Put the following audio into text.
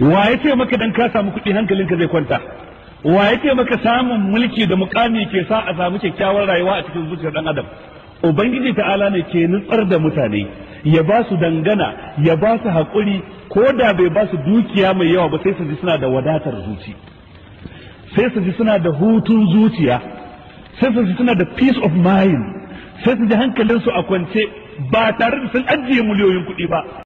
wa ya ce maka dan ka samu kuɗi ka zai kwanta wa ya ce maka samun mulki da mukami ke sa a samu kyakkyawar rayuwa a cikin zuciyar dan adam ubangiji ta'ala ne ke nutsar da mutane ya ba su dangana ya ba su haƙuri ko da bai ba su dukiya mai yawa ba sai su ji suna da wadatar zuci sai su ji suna da hutun zuciya sai su ji suna da peace of mind sai su ji su a kwance ba tare da sun ajiye miliyoyin kuɗi ba